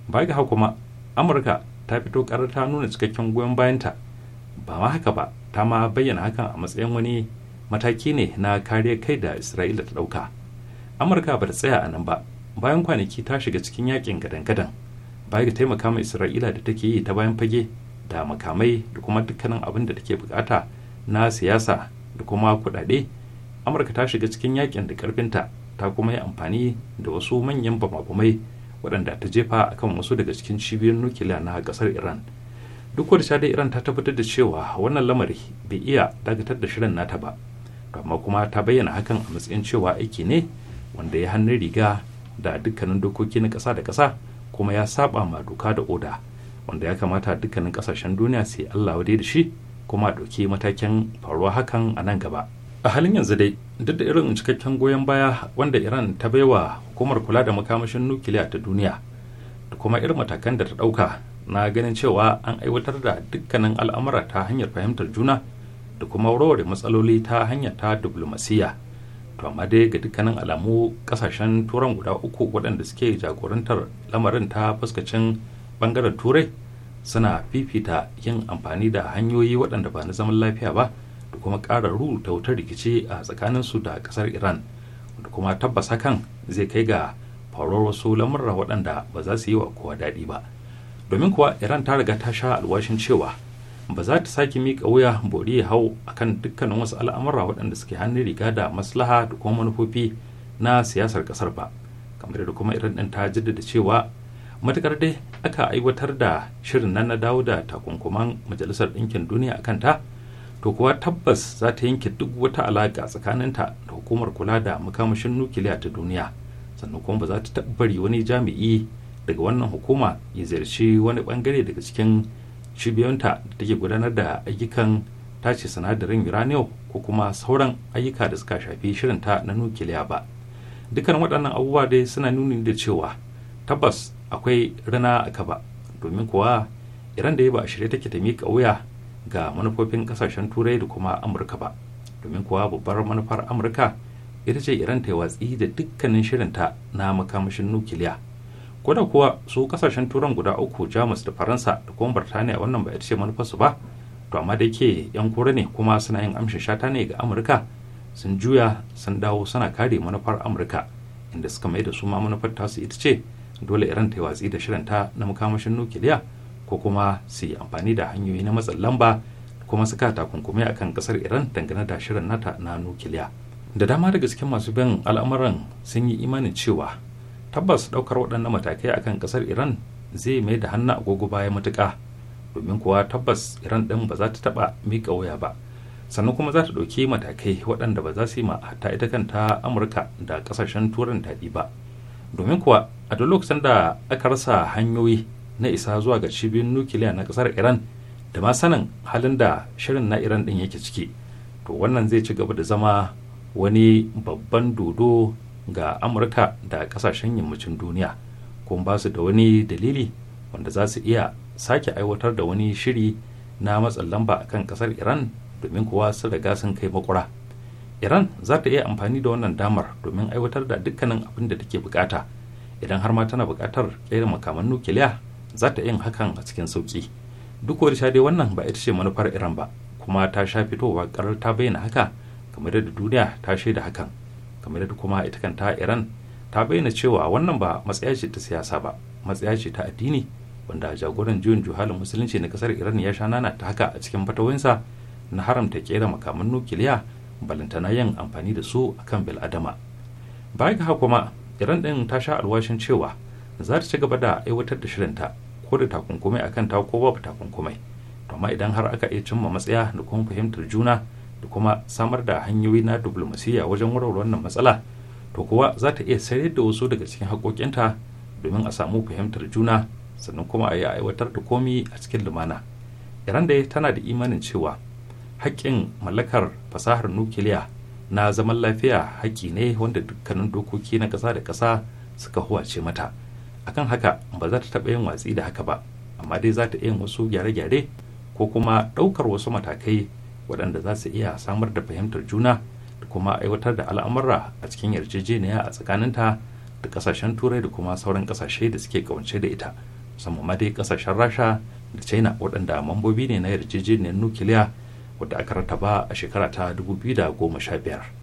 baya ga kuma amurka ta fito karar ta nuna cikakken goyon bayanta ba ma haka ba ta ma bayyana hakan a matsayin wani mataki ne na kariyar kai da isra'ila ta ɗauka amurka ba ta tsaya a nan ba bayan kwanaki ta shiga cikin yakin gadan-gadan baya ga taimaka ma isra'ila da take yi ta bayan fage da makamai da kuma dukkanin abin da take bukata na siyasa da kuma kudade amurka ta shiga cikin yakin da karfinta ta kuma yi amfani da wasu manyan bamabamai waɗanda ta jefa kan wasu daga cikin cibiyar nukiliya na ƙasar iran duk wadda sha iran ta tabbatar da cewa wannan lamari bai iya dakatar da shirin nata ba amma kuma ta bayyana hakan a matsayin cewa aiki ne wanda ya hannun riga da dukkanin dokoki na ƙasa da ƙasa kuma ya saba ma doka da oda wanda ya kamata dukkanin ƙasashen duniya sai allah wadai da shi kuma a ɗauki matakin faruwa hakan a nan gaba a halin yanzu dai duk da irin cikakken goyon baya wanda iran ta bai wa hukumar kula da makamashin nukiliya ta duniya da kuma irin matakan da ta ɗauka na ganin cewa an aiwatar da dukkanin al'amura ta hanyar fahimtar juna da kuma warware matsaloli ta hanyar ta diflomasiyya to amma dai ga dukkanin alamu kasashen turan guda uku waɗanda suke jagorantar lamarin ta fuskacin bangaren turai suna fifita yin amfani da hanyoyi waɗanda ba na zaman lafiya ba da kuma ƙara ta wutar rikici a tsakanin su da ƙasar iran da kuma tabbasa kan zai kai ga faruwar wasu lamurra waɗanda ba za su yi wa kowa daɗi ba domin kuwa iran ta riga ta sha alwashin cewa ba za ta sake miƙa wuya bori ya hau a kan dukkanin wasu al'amura waɗanda suke hannun riga da maslaha da kuma manufofi na siyasar ƙasar ba kamar da kuma irin ɗin ta jaddada cewa matuƙar dai aka aiwatar da shirin nan na dawo da takunkuman majalisar ɗinkin duniya akan ta to kuwa tabbas za ta yanke duk wata alaƙa tsakaninta da hukumar kula da makamashin nukiliya ta duniya sannan kuma ba za ta taɓa bari wani jami'i daga wannan hukuma ya ziyarci wani ɓangare daga cikin cibiyonta da take gudanar da ayyukan tace sinadarin uranium ko kuma sauran ayyuka da suka shafi shirinta na nukiliya ba dukan waɗannan abubuwa dai suna nuni da cewa tabbas akwai rana a kaba domin kuwa iran da ya ba a shirye take ta miƙa wuya ga manufofin ƙasashen turai da kuma amurka ba domin kuwa babbar manufar amurka ita ce iran ta yi watsi da dukkanin shirinta na makamashin nukiliya da kuwa su kasashen turan guda uku jamus da faransa da kuma birtaniya wannan ba ita ce manufarsu ba to amma da ke yan kura ne kuma suna yin amshin shata ne ga amurka sun juya sun dawo suna kare manufar amurka inda suka mai da su ma manufar tasu ita ce dole iran ta yi watsi da ta na mukamashin nukiliya ko kuma su yi amfani da hanyoyi na matsin lamba kuma suka takunkumai akan kasar iran dangane da shirin nata na nukiliya da dama daga cikin masu bin al'amuran sun yi imanin cewa tabbas ɗaukar waɗannan matakai a kan ƙasar iran zai mai da hannu agogo baya matuƙa domin kuwa tabbas iran ɗin ba za ta taɓa miƙa waya ba sannan kuma za ta ɗauki matakai waɗanda ba za su yi ma ta ita kanta amurka da ƙasashen turan daɗi ba domin kuwa a duk lokacin da aka rasa hanyoyi na isa zuwa ga cibiyoyin nukiliya na ƙasar iran da ma sanin halin da shirin na iran ɗin yake ciki to wannan zai ci gaba da zama wani babban dodo ga amurka da kasashen yammacin duniya kuma ba su da wani dalili wanda za su iya sake aiwatar da wani shiri na matsin lamba a kan kasar iran domin kuwa su riga sun kai makura iran za ta iya amfani da wannan damar domin aiwatar da dukkanin abin da take bukata idan har ma tana bukatar ƙera makaman nukiliya za ta yin hakan a cikin sauki duk wani sha dai wannan ba ita ce manufar iran ba kuma ta sha fitowa ƙarar ta bayyana haka kamar da duniya ta shaida hakan kamar yadda kuma ita kanta iran ta bayyana cewa wannan ba matsaya ce ta siyasa ba matsaya ce ta addini wanda jagoran juyin juhalin musulunci na kasar iran ya sha nana ta haka a cikin fatawinsa na haramta kera makaman nukiliya balantana yin amfani da su akan bil'adama baya ga kuma iran din ta sha alwashin cewa za ta ci gaba da aiwatar da shirinta ko da takunkumai akan ta ko babu takunkumai to amma idan har aka iya cimma matsaya da kuma fahimtar juna da kuma samar da hanyoyi na diplomasiya wajen warware wannan matsala to kuwa za ta iya sayar da wasu daga cikin haƙoƙinta domin a samu fahimtar juna sannan kuma a yi aiwatar da komi a cikin lumana iran dai tana da imanin cewa haƙƙin mallakar fasahar nukiliya na zaman lafiya haƙƙi ne wanda dukkanin dokoki na ƙasa da ƙasa suka huwace mata akan haka ba za ta taɓa yin watsi da haka ba amma dai za ta iya wasu gyare-gyare ko kuma ɗaukar wasu matakai waɗanda za su iya samar da fahimtar juna da kuma aiwatar da al'amurra a cikin yarjejeniya a tsakaninta da ƙasashen turai da kuma sauran ƙasashe da suke kawance da ita musamman ma dai ƙasashen rasha da china waɗanda mambobi ne na yarjejeniyar nukiliya wadda aka rataba a shekara ta 2015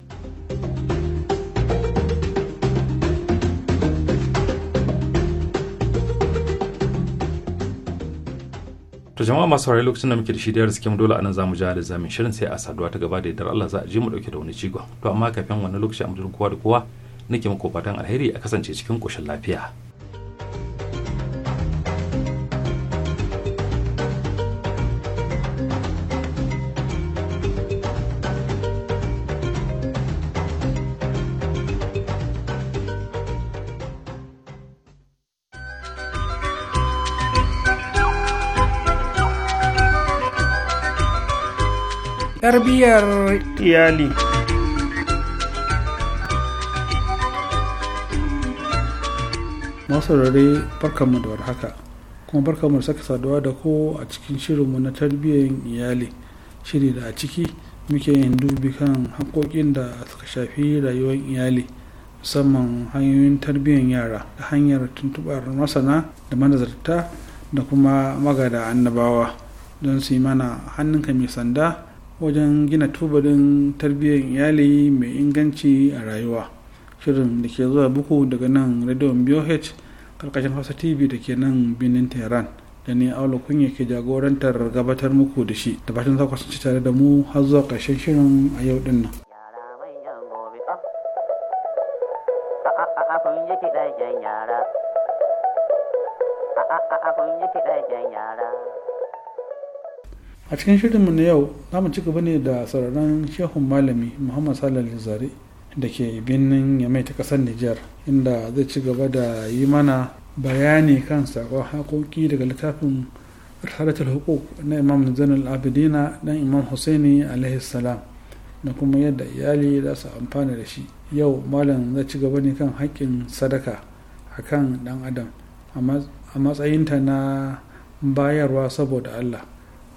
to jama'a masu saurari lokacin da muke da shi da suke mu dole anan zamu ja da zamin shirin sai a saduwa ta gaba da yardar Allah za a je mu dauke da wani cigon to amma kafin wannan lokaci a mutum kowa da kowa nake muku fatan alheri a kasance cikin koshin lafiya tarbiyyar iyali masarare barkanmu da warhaka kuma barkanmu da saka saduwa da ko a cikin shirinmu na tarbiyyar iyali shiri da a ciki muke yin dubi kan hakokin da suka shafi rayuwar iyali musamman hanyoyin tarbiyyar yara da hanyar tuntubar masana da manazarta da kuma magada annabawa don su yi mana hannunka mai sanda wajen gina tubalin tarbiyyar iyali mai inganci a rayuwa shirin da ke zuwa buku daga nan radio boh karkashin hausa tv da ke nan birnin tehran da ne aula kunya ke jagorantar gabatar muku da shi da batun zaka sun ci tare da mu har zuwa karshen shirin a yau din nan yara a cikin shirinmu na yau za mu ci gaba ne da sauraron shehun malami muhammad salal zare da ke birnin yamai ta kasar nijar inda zai ci gaba da yi mana bayani kan sakon haƙoƙi daga littafin risalatul hukuk na imam zainul abidina dan imam husaini alaihi salam da kuma yadda iyali za su amfana da shi yau malam zai ci gaba ne kan haƙƙin sadaka a kan ɗan adam a matsayinta na bayarwa saboda allah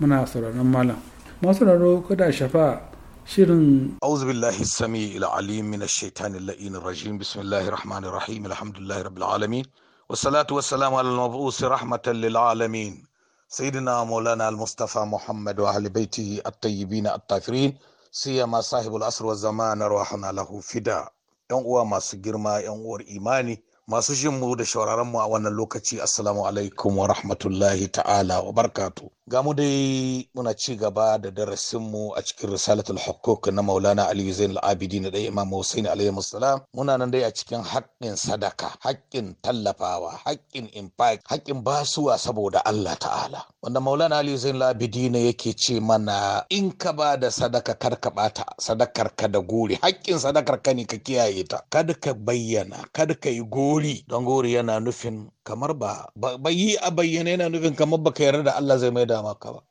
muna sauraron malam masu raro kada shafa shirin auzu billahi sami alim min ash-shaytan al-la'in rajim bismillahir rahmanir rahim alhamdulillahi rabbil alamin wassalatu wassalamu ala al-mab'us rahmatan lil alamin سيدنا مولانا المصطفى محمد وأهل بيته الطيبين الطاهرين سيما صاحب الأسر والزمان روحنا له fida. ‘yan uwa masu girma ‘yan uwar imani masu jin mu da shawararmu a wannan lokaci assalamu alaikum wa rahmatullahi ta'ala wa barkatu ga mu dai muna ci gaba da mu a cikin risalatul hukuk na maulana ali zain al na ɗaya imam hussein alayhi musalam muna nan dai a cikin haƙƙin sadaka haƙƙin tallafawa haƙƙin impact haƙƙin basuwa saboda allah ta'ala wanda maulana ali zain al yake ce mana in ka ba da sadaka kar ka ɓata sadakar ka da gori haƙƙin sadakar ka ne ka kiyaye ta Kad ka bayyana kad ka yi gori don gori yana nufin kamar ba ba yi a bayyana yana nufin kamar baka yarda da allah zai mai da maka ba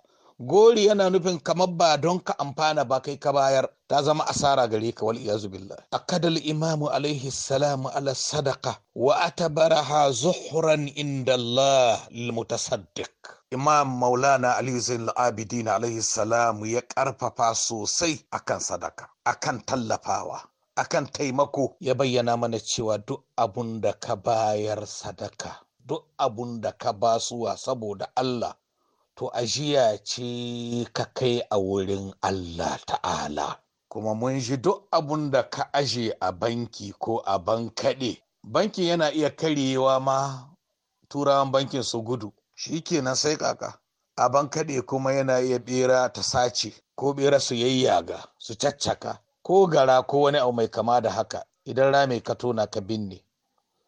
gori yana nufin kamar ba don ka amfana ba kai ka bayar ta zama asara gare ka wal iyazu billah akadal imamu alaihi salamu ala sadaqa wa atabaraha zuhran inda Allah lil mutasaddiq imam maulana ali zain al-abidin alaihi salamu ya karfafa sosai akan sadaka akan tallafawa akan taimako ya bayyana mana cewa duk abun da ka bayar sadaka duk abun da ka basuwa saboda Allah to ajiya ce ka kai a wurin Allah ta'ala kuma mun ji duk abun da ka aje a banki ko a bankaɗe banki yana iya karyewa ma turawan bankin su gudu shi kenan sai kaka a bankaɗe kuma yana iya bera ta sace ko bera su yayyaga su caccaka ko gara ko wani abu mai kama da haka idan rami ka tona ka binne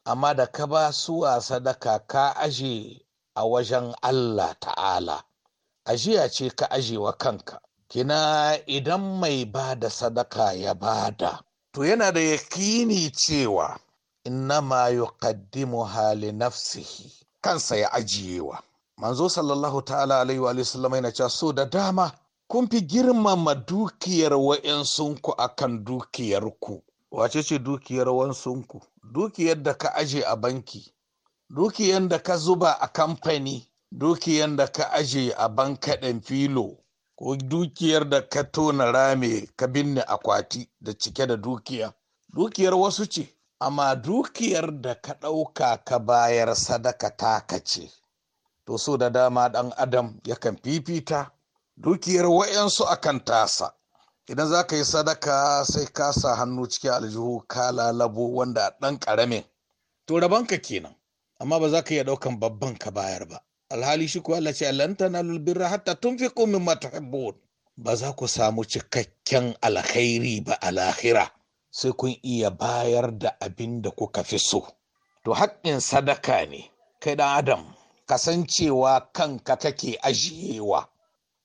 amma da ka ba su wasa da ka aje a wajen Allah ta'ala ajiya ce ka ajewa kanka kina idan mai ba da sadaka ya bada to yana da yakini cewa innama yuqaddimu hali nafsihi kansa ya ajiyewa manzo sallallahu ta'ala alaihi wa sallam yana cewa so da dama kun fi girmama dukiyar wa'insunku akan dukiyarku wace ce dukiyar wansunku dukiyar da ka aje a banki dukiyan da ka zuba a kamfani dukiyan da ka aje a bankaɗen filo ko dukiyar da ka tona rame ka binne akwati da cike da dukiya dukiyar wasu ce amma dukiyar da ka ɗauka ka bayar sadaka ta kace, to so da dama ɗan adam yakan fifita dukiyar wa'yansu akan tasa idan za ka yi sadaka sai ka sa hannu cikin aljihu ka lalabo wanda ɗan ƙaramin to rabanka kenan amma ba za ka iya ɗaukan babban ka bayar ba alhali shi kuwa Allah ce ta tanalul birra hatta tunfiqu mimma tuhibbun ba za ku samu cikakken alkhairi ba a lahira sai kun iya bayar da abin da kuka fi so to haƙƙin sadaka ne kai ɗan adam kasancewa kanka kake ajiyewa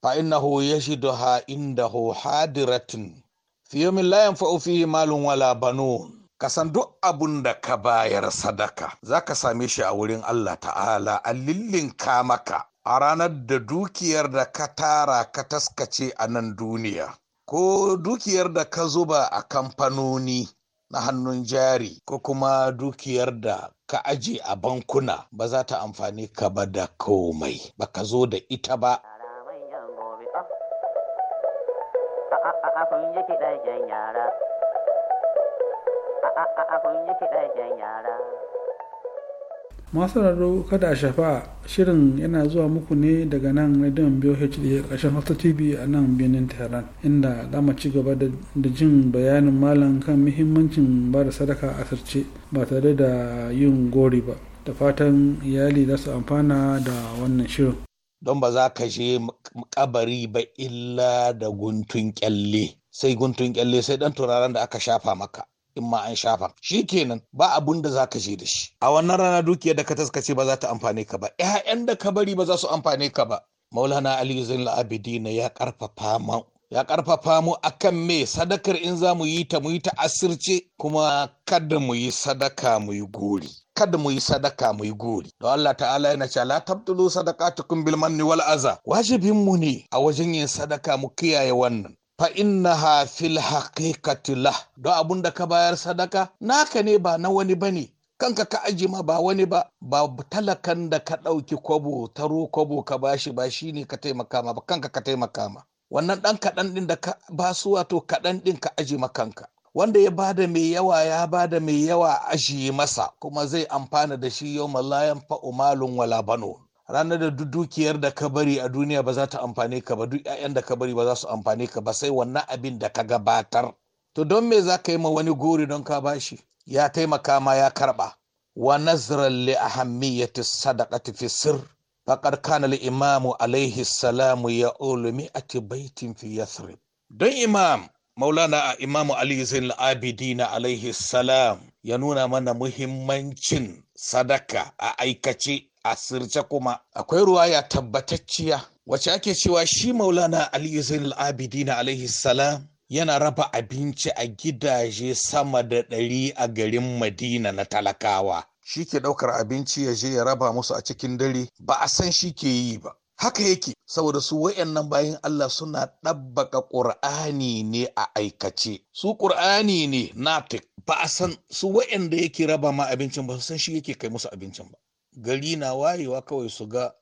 fa innahu yashiduha indahu hadiratun fi yawmin la yanfa'u fihi malun wala banun ka san duk abun da ka bayar sadaka za ka same shi a wurin Allah ta'ala a lillinka maka a ranar da dukiyar da ka tara ka taskace a nan duniya ko dukiyar da ka zuba a kamfanoni na hannun jari ko kuma dukiyar da ka aje a bankuna ba za ta amfani ka ba da komai ba ka zo da ita ba yara abun yake yara. masu raro kada a shafa shirin yana zuwa muku ne daga nan radion biyo hd ƙarshen hoto tv a nan birnin tehran inda za mu ci gaba da jin bayanin malam kan muhimmancin ba da sadaka a sarce ba tare da yin gori ba da fatan iyali za su amfana da wannan shirin don ba za ka je kabari ba illa da guntun kyalle sai guntun kyalle sai dan turaren da aka shafa maka in ma an shafa shi kenan ba abun da ka je da shi a wannan rana dukiyar da ka taskace ba za ta amfane ka ba ƴaƴan da ka bari ba za su amfane ka ba maulana ali zain abidina ya karfafa mu ya karfafa mu akan me sadakar in za mu yi ta mu yi ta asirce kuma kada mu yi sadaka mu yi gori kada mu yi sadaka mu yi gori don Allah ta'ala yana cewa la tabdulu sadaqatukum bil manni wal aza wajibin mu ne a wajen yin sadaka mu kiyaye wannan fa innaha fil haqiqati lah don abun da ka bayar sadaka naka ne ba na wani bane kanka ka aji ma ba wani ba ba talakan da ka ɗauki kwabo taro kwabo ka bashi ba shi ne ka taimaka ma ba kanka ka taimaka ma wannan ɗan kaɗan ɗin da ka ba su wato kaɗan ɗin ka aji ma kanka wanda ya bada mai yawa ya bada mai yawa ajiye masa kuma zai amfana da shi yau malayan fa'umalun wala bano ranar da dukiyar da ka bari a duniya ba za ta amfane ka ba duk 'ya'yan da ka bari ba za su amfane ka ba sai wannan abin da ka gabatar to don me za ka yi ma wani gori don ka bashi ya taimaka ma ya karba wa nazarar li ahammiyati sadaqati fi sir faqad kana imam alayhi salam ya ulmi ati baitin fi yathrib don imam maulana imamu ali zain abidina alaihi salam ya nuna mana muhimmancin sadaka a aikace asirce kuma akwai ruwaya tabbatacciya wacce ake cewa shi maulana ali Al-Abidin, alaihi salam yana raba abinci a gidaje sama da ɗari a garin madina na talakawa shi ke ɗaukar abinci ya je ya raba musu a cikin dare ba a san shi ke yi ba haka yake saboda su wayannan bayan Allah suna ɗabbaka ƙur'ani ne a aikace su ƙur'ani ne natik ba a san su wayanda yake raba ma abincin ba san shi yake kai musu abincin ba gari na wayewa kawai su ga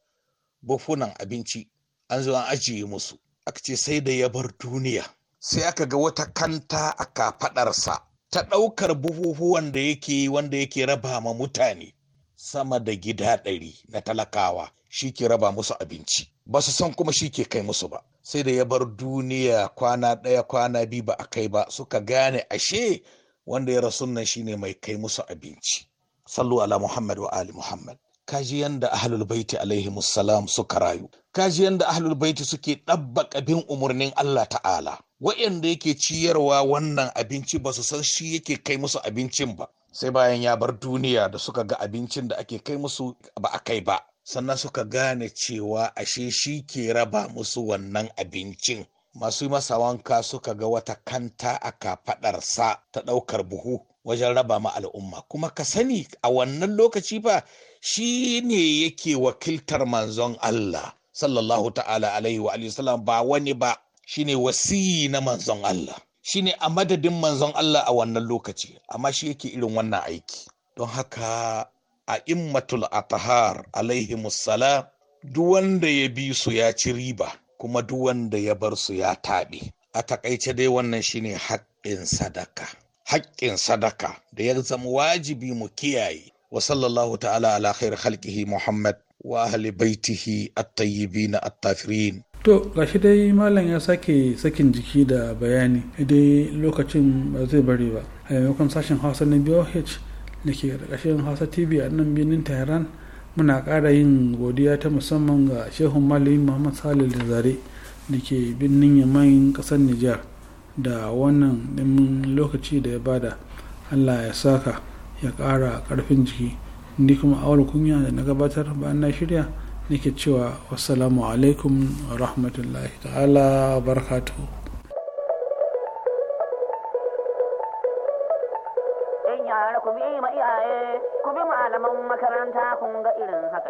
bufunan abinci an zo an ajiye musu aka ce sai da ya bar duniya sai aka ga wata kanta a kafaɗarsa ta ɗaukar buhuhuwan da yake wanda yake raba ma mutane sama da gida ɗari na talakawa shi ke raba musu abinci ba su san kuma shi ke kai musu ba sai da ya bar duniya kwana ɗaya kwana biyu ba a kai ba suka gane ashe wanda ya rasu nan shine mai kai musu abinci sallu ala muhammad wa ali muhammad kaji yanda ahlul baiti alaihi musallam suka rayu kaji yanda ahlul baiti suke ɗabbaka bin umarnin Allah ta'ala wa'anda yake ciyarwa wannan abinci ba su san shi yake kai musu abincin ba sai bayan ya bar duniya da suka ga abincin da ake kai musu ba a kai ba sannan suka gane cewa ashe shi ke raba musu wannan abincin masu masa wanka suka ga wata kanta a kafaɗarsa ta ɗaukar buhu wajen raba ma al'umma kuma ka sani a wannan lokaci ba shi ne yake wakiltar manzon Allah sallallahu ta'ala alaihi wa sallam ba wani ba shine wasiyi na manzon Allah Shi ne a madadin manzon Allah a wannan lokaci amma shi yake irin wannan aiki don haka a immatul atahar alaihi musala duk wanda ya bi su ya ci riba kuma duwanda ya bar su ya taɓe a takaice dai wannan shine haƙƙin sadaka haƙƙin sadaka da ya zama wajibi mu kiyaye wa sallallahu ta'ala ala khair khalqihi muhammad wa ahli baitihi at-tayyibin at-tafirin to gashi dai malam ya sake sakin jiki da bayani dai lokacin ba zai bari ba a maimakon sashen hausa na boh da ke ƙarƙashin hausa tv a nan birnin tehran muna ƙara yin godiya ta musamman ga shehun malam muhammad salil da zare da ke birnin yamayin ƙasar nijar da wannan ɗimin lokaci da ya bada allah ya saka ya ƙara ƙarfin jiki ni kuma awar kunya da na gabatar bayan na shirya nake cewa wassalamu alaikum rahmatullahi ta'ala barkatu ku ku bi malaman makaranta kun ga irin haka